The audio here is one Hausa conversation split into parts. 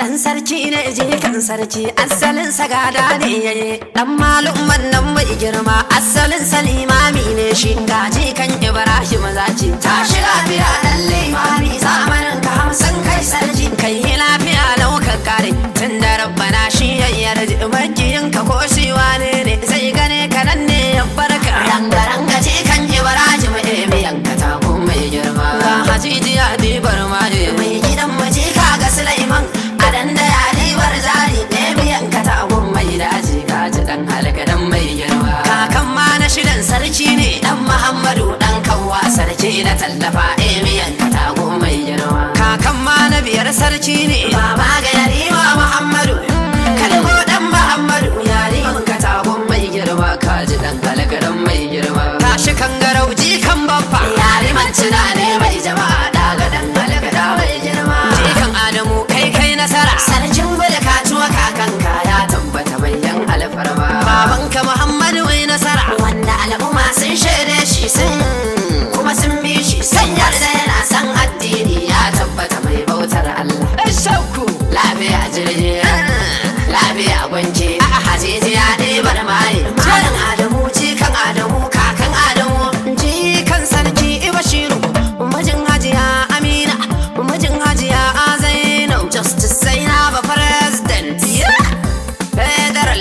Dan sarki ne kan sarki asalin sagada ne yayi eh, eh. Dan malumman nan mai girma asalin salimami ne shi ga kan Ibrahim zaki tashi lafiya dan limami zamanin ka hamsin kai sarki kai lafiya lau ka kare tun da rabbana muhammadu dan kawwa sarki na tallafa emiyan eh, katago mai girma kakan ma na biyar sarki ne baba gaya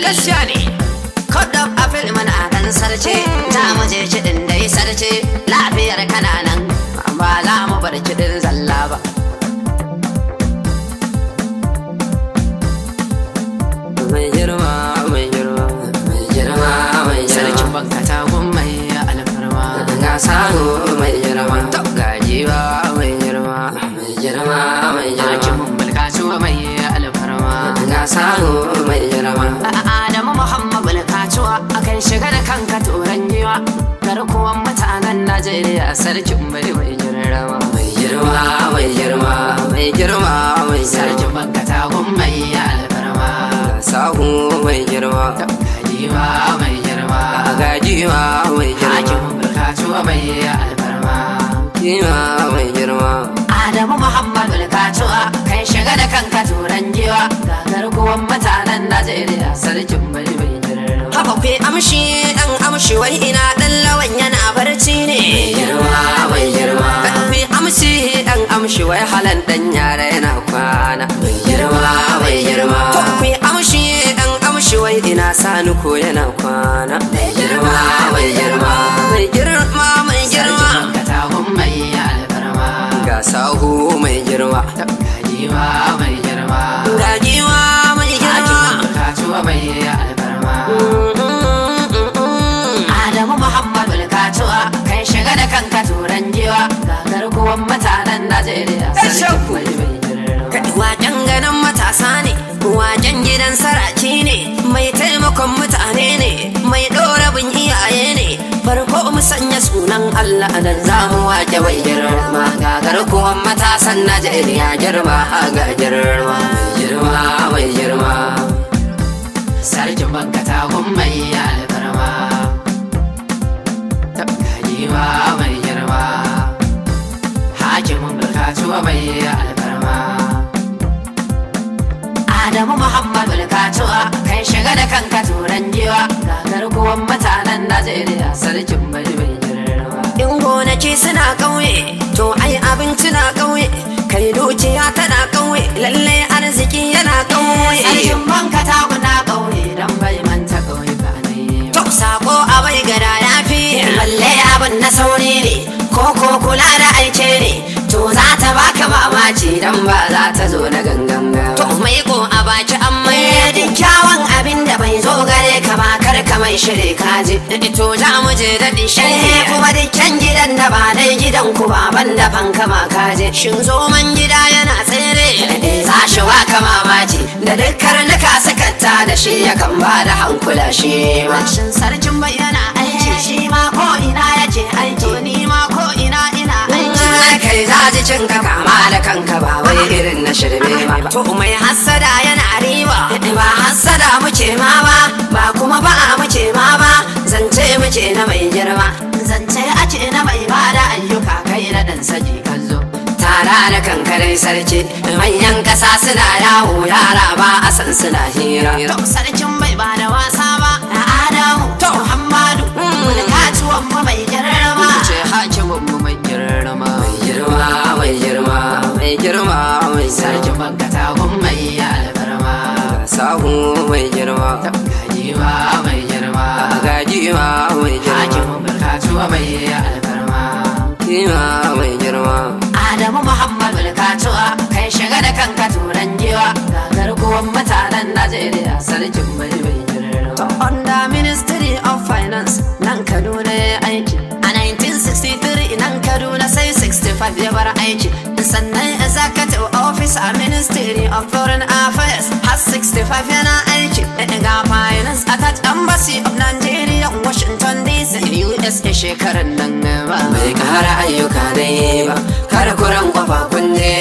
gaskiya ne kodon afil mana a kan sarce za mu je kiɗin da yi sarce lafiyar kananan ba za mu bar kiɗin zalla ba mai girma mai girma mai girma mai girma sarkin bankata Najeriya sarkin bari mai girma. Mai girma, mai girma, mai girma, mai sarkin bankata kun mai alfarma. Sahu mai girma. Gajiwa mai girma. Gajiwa mai girma. Hakim burkacuwa mai alfarma. Kima mai girma. Adamu Muhammadu Alkacuwa kai shiga da kanka turan giwa. Gagar kuwan mutanen Najeriya sarkin bari mai girma. Haka kwe amshi ɗan amshi wani ina ina sani ko yana kwana mai girma mai girma mai girma mai girma alfarma ga sahu mai girma gajiwa mai girma gajiwa mai girma kajuwa mai alfarma Adamu Muhammadu Alkacuwa kan shiga da kanka turan jiwa ga garkuwan mutanen Najeriya eh, sarki mai mai girma Waƙen ganin matasa ne, waƙen gidan saraki ne, dan Allah nan za mu wake wai girma ga garkuwan matasan Najeriya ya girma ga girma girma mai girma sarkin banka ta mai alfarma tabgajiwa mai girma hakimin bulkatuwa mai alfarma Adamu Muhammadu, bulkatuwa kan shiga da kanka turan jiwa ga garkuwan mutanen Najeriya sarkin mai mai in gonaki suna ƙauye to ai abinci na ƙauye kai dukiya tana ƙauye lallai arziki yana ƙauye sarkin banka ta kuna ƙauye dan bai ta ƙauye ba ne to sako a bai gada ya fi lalle abin na sauri ne ko ko kula da aike ne to za ta baka mamaci dan ba za ta zo na gangan ba to mai ko a baki amma mai shiri kaji to za mu je daɗi sharhi eh, kuma dukkan gidan da ba dai gidan ku ba ban da fanka ma kaji shin zoman gida yana tsere eh, za shi wa kama maji da dukkar nuka sakatta da shi ya kan ba da hankula shi ma shin sarkin yana aiki shi ma ko ina yace aiki to ni ma ko ina ina aiki mm, kai za ji cin ka kama da kanka ba wai irin na shirme ba to mai hassada yana riba eh, ba hasada muke ma ba ba muke ma ba zance muke na mai girma zance ake na mai bada ayyuka kai na dan saji kazo tara da kankarai sarki manyan kasa suna yawo yara ba a san suna hira sarkin mai ba da wasa ba na adamu to muhammadu wani kaciwan mu mai girma ce hakimin mu mai girma mai girma mai girma mai girma mai sarkin bankata tagun mai albarma sahu mai girma mai alfarma kima mai girma adamu muhammad bulkatuwa kai shiga da kanka turan giwa ga garkuwan mutanen najeriya sarkin mai mai girma to under ministry of finance nan kaduna ya aiki a 1963 nan kaduna sai 65 ya bar aiki sannan executive office a ministry of foreign affairs har 65 yana aiki ga finance attached embassy of nigeria iske shekarar nan ba bai kara ayyuka na yi ba kar ran kwafa kunne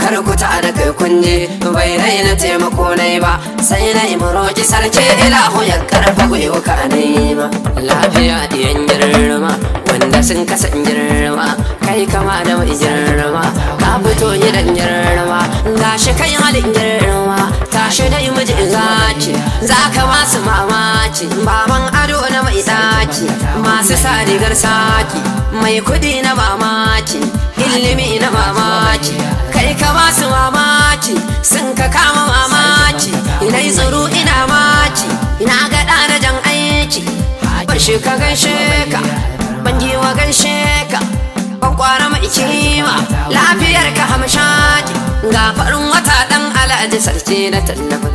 kar ku ta da kai kunne bai na taimako na ba sai na imroki sarki ilahu ya karfa gwiwuka ka ma ba lafiya diyan girma wanda sun kasan girma kai kama da mai girma ka fito gidan girma gashi kai halin girma tashi dai miji zaci za ka masu mamaci baban masu sa rigar saki mai kudi na mamaki ilimi na mamaki kai ka masu mamaki sun ka kama mamaki ina tsoro ina maki. ina ga jan aiki shi ka gaishe ka ban wa gaishe ka ban kwara mai kima lafiyar ka hamshaki ga farin wata dan alhaji sarki na ba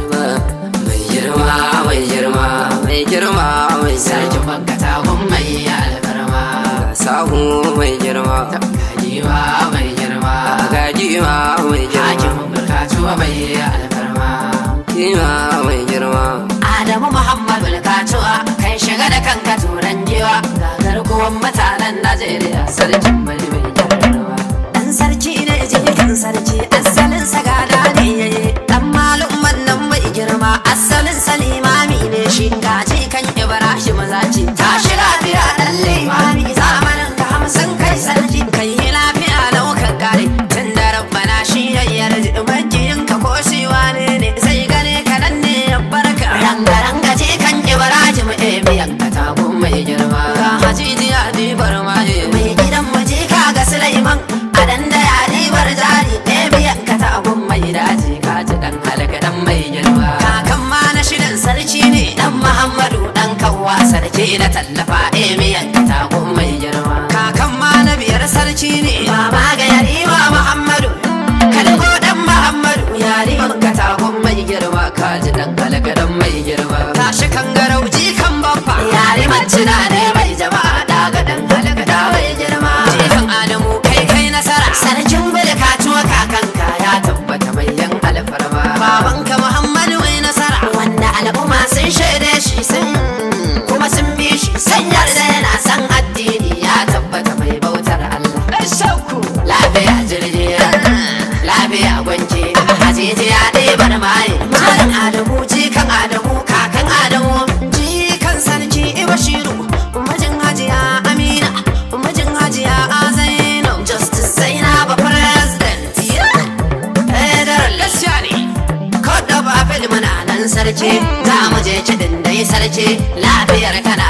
mai girma mai girma mai girma mai sarki baka tagun mai albarma sahu mai girma gajiwa mai girma gajiwa mai girma hakin bulkatuwa mai albarma kima mai girma adamu muhammad bulkatuwa kai shiga da kanka turan jiwa ga garkuwan mutanen najeriya sarki mai mai girma dan sarki ce na tallafa eh, yankata katako mai girma kakan ma na biyar sarki ne baba ga yarima muhammadu ko dan muhammadu yari yariman katako mai girma kaji dan kalgadan mai girma tashi kan garauji kan bamfa yari cina ne lafiya gwance Azizi ya dai bar mai Malam Adamu jikan Adamu kakan Adamu jikan sarki Ibashiru Umajin Hajiya Amina Umajin Hajiya Zainab Justice Zainab President Federal nan sarki Za mu je cidin dai sarki lafiyar kana